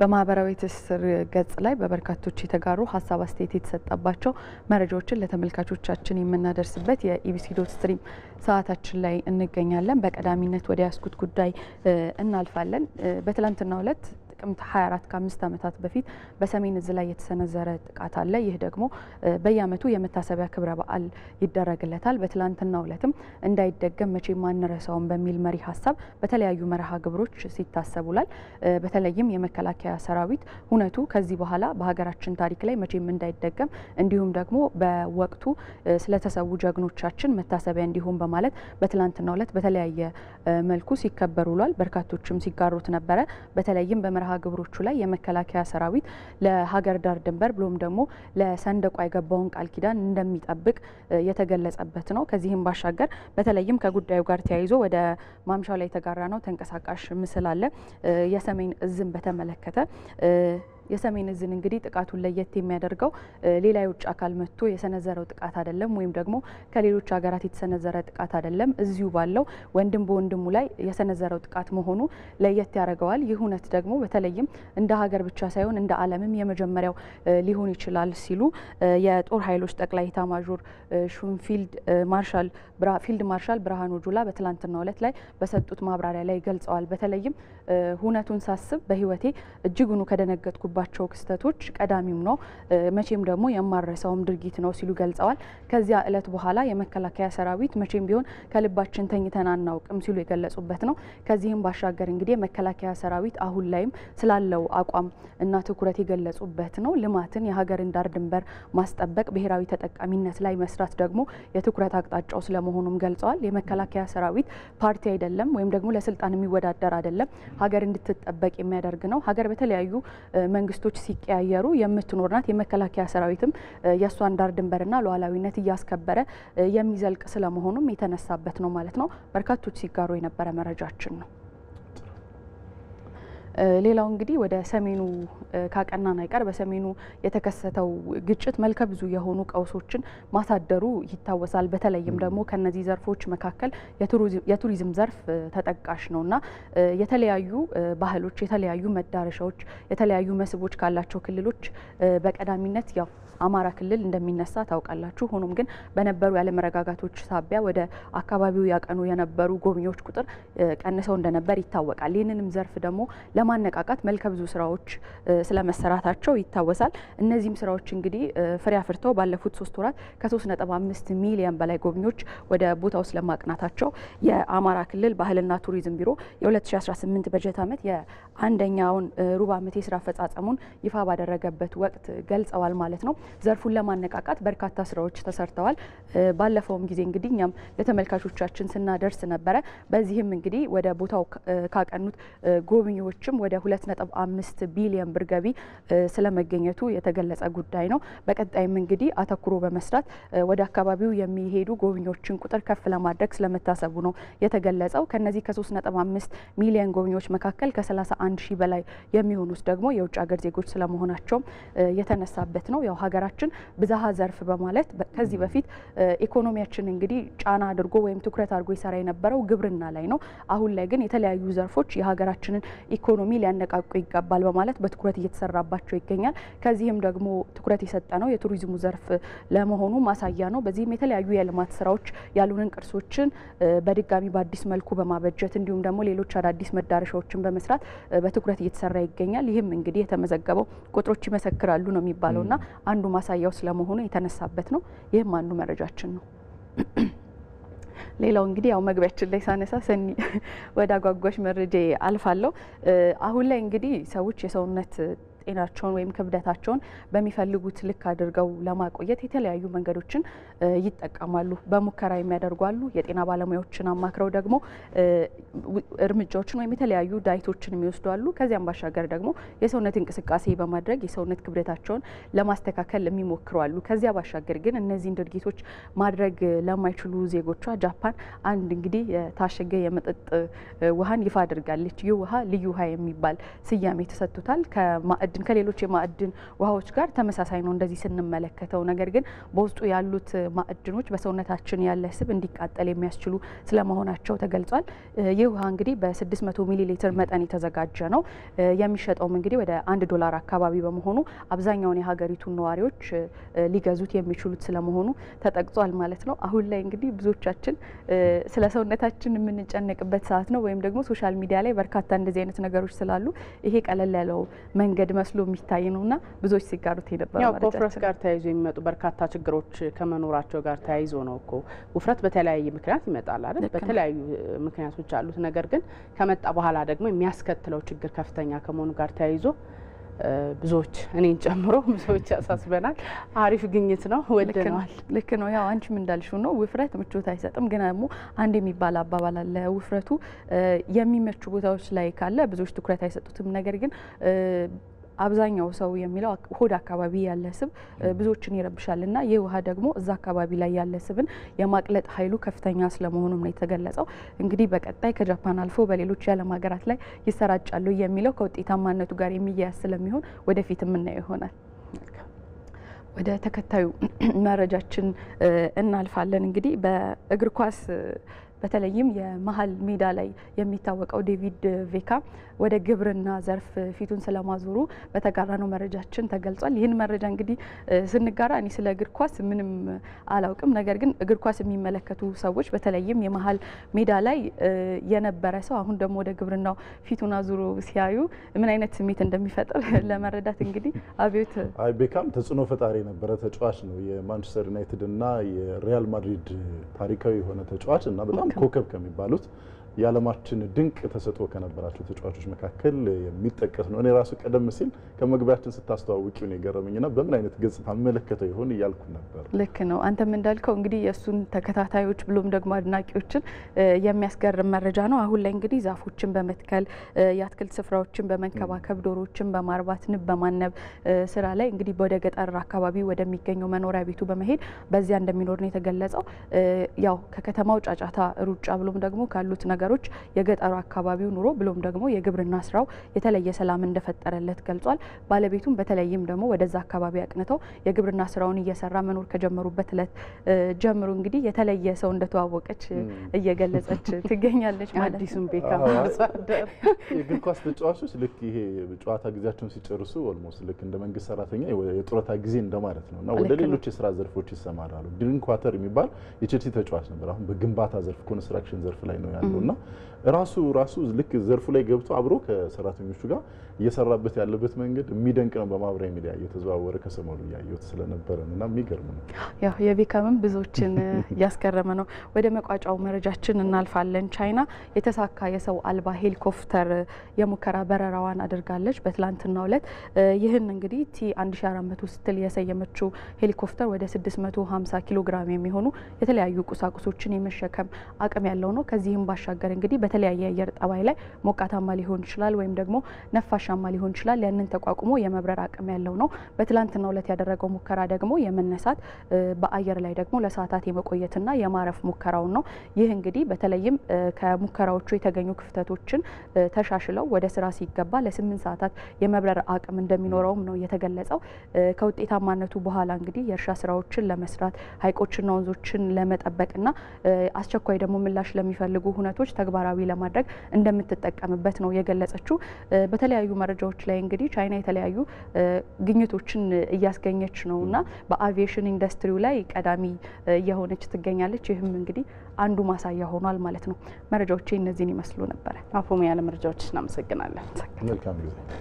በማህበራዊ ትስስር ገጽ ላይ በበርካቶች የተጋሩ ሀሳብ አስተያየት የተሰጠባቸው መረጃዎችን ለተመልካቾቻችን የምናደርስበት የኢቢሲ ዶት ስትሪም ሰዓታችን ላይ እንገኛለን። በቀዳሚነት ወደ ያስኩት ጉዳይ እናልፋለን። በትላንትናው ዕለት ጥቅምት 24 ከአምስት ዓመታት በፊት በሰሜን እዝ ላይ የተሰነዘረ ጥቃት አለ። ይህ ደግሞ በየዓመቱ የመታሰቢያ ክብረ በዓል ይደረግለታል። በትላንትናው ዕለትም እንዳይደገም መቼም አንረሳውም በሚል መሪ ሀሳብ በተለያዩ መርሃ ግብሮች ሲታሰብ ውሏል። በተለይም የመከላከያ ሰራዊት ሁነቱ ከዚህ በኋላ በሀገራችን ታሪክ ላይ መቼም እንዳይደገም እንዲሁም ደግሞ በወቅቱ ስለተሰዉ ጀግኖቻችን መታሰቢያ እንዲሆን በማለት በትላንትናው ዕለት በተለያየ መልኩ ሲከበር ውሏል። በርካቶችም ሲጋሩት ነበረ። በተለይም በመርሃ ግብሮቹ ላይ የመከላከያ ሰራዊት ለሀገር ዳር ድንበር ብሎም ደግሞ ለሰንደቋ የገባውን ቃል ኪዳን እንደሚጠብቅ የተገለጸበት ነው። ከዚህም ባሻገር በተለይም ከጉዳዩ ጋር ተያይዞ ወደ ማምሻው ላይ የተጋራ ነው ተንቀሳቃሽ ምስል አለ የሰሜን እዝን በተመለከተ የሰሜን እዝን እንግዲህ ጥቃቱን ለየት የሚያደርገው ሌላ የውጭ አካል መጥቶ የሰነዘረው ጥቃት አይደለም፣ ወይም ደግሞ ከሌሎች ሀገራት የተሰነዘረ ጥቃት አይደለም። እዚሁ ባለው ወንድም በወንድሙ ላይ የሰነዘረው ጥቃት መሆኑ ለየት ያደርገዋል። ይህ እውነት ደግሞ በተለይም እንደ ሀገር ብቻ ሳይሆን እንደ ዓለምም የመጀመሪያው ሊሆን ይችላል ሲሉ የጦር ኃይሎች ጠቅላይ ኤታማዦር ሹም ፊልድ ማርሻል ብርሃኑ ጁላ በትላንትናው ዕለት ላይ በሰጡት ማብራሪያ ላይ ገልጸዋል። በተለይም ሁነቱን ሳስብ በህይወቴ እጅጉኑ ከደነገጥኩ ከሚደርስባቸው ክስተቶች ቀዳሚም ነው፣ መቼም ደግሞ የማረሰውም ድርጊት ነው ሲሉ ገልጸዋል። ከዚያ እለት በኋላ የመከላከያ ሰራዊት መቼም ቢሆን ከልባችን ተኝተን አናውቅም ሲሉ የገለጹበት ነው። ከዚህም ባሻገር እንግዲህ የመከላከያ ሰራዊት አሁን ላይም ስላለው አቋም እና ትኩረት የገለጹበት ነው። ልማትን፣ የሀገርን ዳር ድንበር ማስጠበቅ፣ ብሔራዊ ተጠቃሚነት ላይ መስራት ደግሞ የትኩረት አቅጣጫው ስለመሆኑም ገልጸዋል። የመከላከያ ሰራዊት ፓርቲ አይደለም ወይም ደግሞ ለስልጣን የሚወዳደር አይደለም፣ ሀገር እንድትጠበቅ የሚያደርግ ነው። ሀገር በተለያዩ መንግስቶች ሲቀያየሩ የምትኖርናት የመከላከያ ሰራዊትም የእሷን ዳር ድንበርና ሉዓላዊነት እያስከበረ የሚዘልቅ ስለመሆኑም የተነሳበት ነው ማለት ነው። በርካቶች ሲጋሩ የነበረ መረጃችን ነው። ሌላው እንግዲህ ወደ ሰሜኑ ካቀናን አይቀር በሰሜኑ የተከሰተው ግጭት መልከ ብዙ የሆኑ ቀውሶችን ማሳደሩ ይታወሳል። በተለይም ደግሞ ከነዚህ ዘርፎች መካከል የቱሪዝም ዘርፍ ተጠቃሽ ነው እና የተለያዩ ባህሎች፣ የተለያዩ መዳረሻዎች፣ የተለያዩ መስህቦች ካላቸው ክልሎች በቀዳሚነት ያው አማራ ክልል እንደሚነሳ ታውቃላችሁ። ሆኖም ግን በነበሩ ያለመረጋጋቶች ሳቢያ ወደ አካባቢው ያቀኑ የነበሩ ጎብኚዎች ቁጥር ቀንሰው እንደነበር ይታወቃል። ይህንንም ዘርፍ ደግሞ ለማነቃቃት መልከ ብዙ ስራዎች ስለመሰራታቸው ይታወሳል። እነዚህም ስራዎች እንግዲህ ፍሬ አፍርተው ባለፉት ሶስት ወራት ከ3.5 ሚሊዮን በላይ ጎብኚዎች ወደ ቦታው ስለማቅናታቸው የአማራ ክልል ባህልና ቱሪዝም ቢሮ የ2018 በጀት ዓመት የአንደኛውን ሩብ ዓመት የስራ አፈጻጸሙን ይፋ ባደረገበት ወቅት ገልጸዋል ማለት ነው። ዘርፉን ለማነቃቃት በርካታ ስራዎች ተሰርተዋል። ባለፈውም ጊዜ እንግዲህ እኛም ለተመልካቾቻችን ስናደርስ ነበረ። በዚህም እንግዲህ ወደ ቦታው ካቀኑት ጎብኚዎችም ወደ 2.5 ቢሊዮን ብር ገቢ ስለመገኘቱ የተገለጸ ጉዳይ ነው። በቀጣይም እንግዲህ አተኩሮ በመስራት ወደ አካባቢው የሚሄዱ ጎብኚዎችን ቁጥር ከፍ ለማድረግ ስለመታሰቡ ነው የተገለጸው። ከነዚህ ከ3.5 ሚሊዮን ጎብኚዎች መካከል ከ31 ሺህ በላይ የሚሆኑት ደግሞ የውጭ ሀገር ዜጎች ስለመሆናቸውም የተነሳበት ነው ያው ሀገራችን ብዝሃ ዘርፍ በማለት ከዚህ በፊት ኢኮኖሚያችን እንግዲህ ጫና አድርጎ ወይም ትኩረት አድርጎ ይሰራ የነበረው ግብርና ላይ ነው። አሁን ላይ ግን የተለያዩ ዘርፎች የሀገራችንን ኢኮኖሚ ሊያነቃቁ ይገባል በማለት በትኩረት እየተሰራባቸው ይገኛል። ከዚህም ደግሞ ትኩረት የሰጠ ነው የቱሪዝሙ ዘርፍ ለመሆኑ ማሳያ ነው። በዚህም የተለያዩ የልማት ስራዎች ያሉንን ቅርሶችን በድጋሚ በአዲስ መልኩ በማበጀት እንዲሁም ደግሞ ሌሎች አዳዲስ መዳረሻዎችን በመስራት በትኩረት እየተሰራ ይገኛል። ይህም እንግዲህ የተመዘገበው ቁጥሮች ይመሰክራሉ ነው የሚባለውና አንዱ አንዱ ማሳያው ስለመሆኑ የተነሳበት ነው። ይህም አንዱ መረጃችን ነው። ሌላው እንግዲህ ያው መግቢያችን ላይ ሳነሳ ሰኒ ወደ አጓጓሽ መረጃ አልፋለሁ። አሁን ላይ እንግዲህ ሰዎች የሰውነት ጤናቸውን ወይም ክብደታቸውን በሚፈልጉት ልክ አድርገው ለማቆየት የተለያዩ መንገዶችን ይጠቀማሉ። በሙከራ የሚያደርጉ አሉ። የጤና ባለሙያዎችን አማክረው ደግሞ እርምጃዎችን ወይም የተለያዩ ዳይቶችን የሚወስዱ አሉ። ከዚያም ባሻገር ደግሞ የሰውነት እንቅስቃሴ በማድረግ የሰውነት ክብደታቸውን ለማስተካከል የሚሞክሩ አሉ። ከዚያ ባሻገር ግን እነዚህን ድርጊቶች ማድረግ ለማይችሉ ዜጎቿ ጃፓን አንድ እንግዲህ የታሸገ የመጠጥ ውሃን ይፋ አድርጋለች። ይህ ውሃ ልዩ ውሃ የሚባል ስያሜ ተሰጥቶታል። ከማዕድ ማዕድን ከሌሎች የማዕድን ውሃዎች ጋር ተመሳሳይ ነው እንደዚህ ስንመለከተው። ነገር ግን በውስጡ ያሉት ማዕድኖች በሰውነታችን ያለ ስብ እንዲቃጠል የሚያስችሉ ስለመሆናቸው ተገልጿል። ይህ ውሃ እንግዲህ በ600 ሚሊ ሊትር መጠን የተዘጋጀ ነው። የሚሸጠውም እንግዲህ ወደ አንድ ዶላር አካባቢ በመሆኑ አብዛኛውን የሀገሪቱን ነዋሪዎች ሊገዙት የሚችሉት ስለመሆኑ ተጠቅጿል ማለት ነው። አሁን ላይ እንግዲህ ብዙዎቻችን ስለ ሰውነታችን የምንጨነቅበት ሰዓት ነው፣ ወይም ደግሞ ሶሻል ሚዲያ ላይ በርካታ እንደዚህ አይነት ነገሮች ስላሉ ይሄ ቀለል ያለው መንገድ መስሎ የሚታይ እና ብዙዎች ሲጋሩት የነበረ ከውፍረት ጋር ተያይዞ የሚመጡ በርካታ ችግሮች ከመኖራቸው ጋር ተያይዞ ነው እኮ ውፍረት በተለያየ ምክንያት ይመጣል አይደል? በተለያዩ ምክንያቶች አሉት። ነገር ግን ከመጣ በኋላ ደግሞ የሚያስከትለው ችግር ከፍተኛ ከመሆኑ ጋር ተያይዞ ብዙዎች እኔን ጨምሮ ብዙዎች ያሳስበናል። አሪፍ ግኝት ነው፣ ወደነዋል። ልክ ነው። ያው አንቺም እንዳልሽው ነው፣ ውፍረት ምቾት አይሰጥም። ግን ደግሞ አንድ የሚባል አባባል አለ። ውፍረቱ የሚመቹ ቦታዎች ላይ ካለ ብዙዎች ትኩረት አይሰጡትም። ነገር ግን አብዛኛው ሰው የሚለው ሆድ አካባቢ ያለ ስብ ብዙዎችን ይረብሻል እና ይህ ውሃ ደግሞ እዛ አካባቢ ላይ ያለ ስብን የማቅለጥ ኃይሉ ከፍተኛ ስለመሆኑም ነው የተገለጸው። እንግዲህ በቀጣይ ከጃፓን አልፎ በሌሎች የዓለም ሀገራት ላይ ይሰራጫሉ የሚለው ከውጤታማነቱ ጋር የሚያያዝ ስለሚሆን ወደፊት የምናየው ይሆናል። ወደ ተከታዩ መረጃችን እናልፋለን። እንግዲህ በእግር ኳስ በተለይም የመሀል ሜዳ ላይ የሚታወቀው ዴቪድ ቬካ ወደ ግብርና ዘርፍ ፊቱን ስለማዞሩ በተጋራነው መረጃችን ተገልጿል። ይህን መረጃ እንግዲህ ስንጋራ እኔ ስለ እግር ኳስ ምንም አላውቅም። ነገር ግን እግር ኳስ የሚመለከቱ ሰዎች በተለይም የመሀል ሜዳ ላይ የነበረ ሰው አሁን ደግሞ ወደ ግብርናው ፊቱን አዙሮ ሲያዩ ምን አይነት ስሜት እንደሚፈጥር ለመረዳት እንግዲህ አብዮት ቤካም ተጽዕኖ ፈጣሪ የነበረ ተጫዋች ነው። የማንቸስተር ዩናይትድ እና የሪያል ማድሪድ ታሪካዊ የሆነ ተጫዋች እና በጣም ኮከብ ከሚባሉት የዓለማችን ድንቅ ተሰጥኦ ከነበራቸው ተጫዋቾች መካከል የሚጠቀስ ነው። እኔ ራሱ ቀደም ሲል ከመግቢያችን ስታስተዋውቂው ነው የገረመኝና በምን አይነት ገጽታ መለከተው ይሆን እያልኩ ነበር። ልክ ነው። አንተም እንዳልከው እንግዲህ የእሱን ተከታታዮች ብሎም ደግሞ አድናቂዎችን የሚያስገርም መረጃ ነው። አሁን ላይ እንግዲህ ዛፎችን በመትከል የአትክልት ስፍራዎችን በመንከባከብ ዶሮዎችን በማርባት ንብ በማነብ ስራ ላይ እንግዲህ ወደ ገጠር አካባቢ ወደሚገኘው መኖሪያ ቤቱ በመሄድ በዚያ እንደሚኖር ነው የተገለጸው። ያው ከከተማው ጫጫታ ሩጫ ብሎም ደግሞ ካሉት ነገር ነገሮች የገጠሩ አካባቢው ኑሮ ብሎም ደግሞ የግብርና ስራው የተለየ ሰላም እንደፈጠረለት ገልጿል። ባለቤቱም በተለይም ደግሞ ወደዛ አካባቢ አቅንተው የግብርና ስራውን እየሰራ መኖር ከጀመሩበት እለት ጀምሮ እንግዲህ የተለየ ሰው እንደተዋወቀች እየገለጸች ትገኛለች ማለት የእግር ኳስ ተጫዋቾች ልክ ይሄ ጨዋታ ጊዜያቸውን ሲጨርሱ ኦልሞስት ልክ እንደ መንግስት ሰራተኛ የጡረታ ጊዜ እንደማለት ነው እና ወደ ሌሎች የስራ ዘርፎች ይሰማራሉ። ድሪንክ ዋተር የሚባል የቼልሲ ተጫዋች ነበር። አሁን በግንባታ ዘርፍ ኮንስትራክሽን ዘርፍ ላይ ነው ያለው እና ራሱ ራሱ ልክ ዘርፉ ላይ ገብቶ አብሮ ከሰራተኞቹ ጋር እየሰራበት ያለበት መንገድ የሚደንቅ ነው። በማህበራዊ ሚዲያ እየተዘዋወረ ከሰሞኑ እያየሁት ስለነበረ እና የሚገርም ነው። ያው ብዙዎችን እያስገረመ ነው። ወደ መቋጫው መረጃችን እናልፋለን። ቻይና የተሳካ የሰው አልባ ሄሊኮፕተር የሙከራ በረራዋን አድርጋለች በትላንትናው ዕለት። ይህን እንግዲህ ቲ 1400 ስትል የሰየመችው ሄሊኮፕተር ወደ 650 ኪሎ ግራም የሚሆኑ የተለያዩ ቁሳቁሶችን የመሸከም አቅም ያለው ነው። ከዚህም ባሻገር ነገር እንግዲህ በተለያየ አየር ጠባይ ላይ ሞቃታማ ሊሆን ይችላል ወይም ደግሞ ነፋሻማ ሊሆን ይችላል። ያንን ተቋቁሞ የመብረር አቅም ያለው ነው። በትላንትና ዕለት ያደረገው ሙከራ ደግሞ የመነሳት በአየር ላይ ደግሞ ለሰዓታት የመቆየትና የማረፍ ሙከራውን ነው። ይህ እንግዲህ በተለይም ከሙከራዎቹ የተገኙ ክፍተቶችን ተሻሽለው ወደ ስራ ሲገባ ለስምንት ሰዓታት የመብረር አቅም እንደሚኖረውም ነው የተገለጸው። ከውጤታማነቱ በኋላ እንግዲህ የእርሻ ስራዎችን ለመስራት ሀይቆችና ወንዞችን ለመጠበቅና አስቸኳይ ደግሞ ምላሽ ለሚፈልጉ ሁነቶች ተግባራዊ ለማድረግ እንደምትጠቀምበት ነው የገለጸችው። በተለያዩ መረጃዎች ላይ እንግዲህ ቻይና የተለያዩ ግኝቶችን እያስገኘች ነው እና በአቪዬሽን ኢንዱስትሪው ላይ ቀዳሚ እየሆነች ትገኛለች። ይህም እንግዲህ አንዱ ማሳያ ሆኗል ማለት ነው። መረጃዎች እነዚህን ይመስሉ ነበረ። አፎሚያ መረጃዎች እናመሰግናለን። መልካም ጊዜ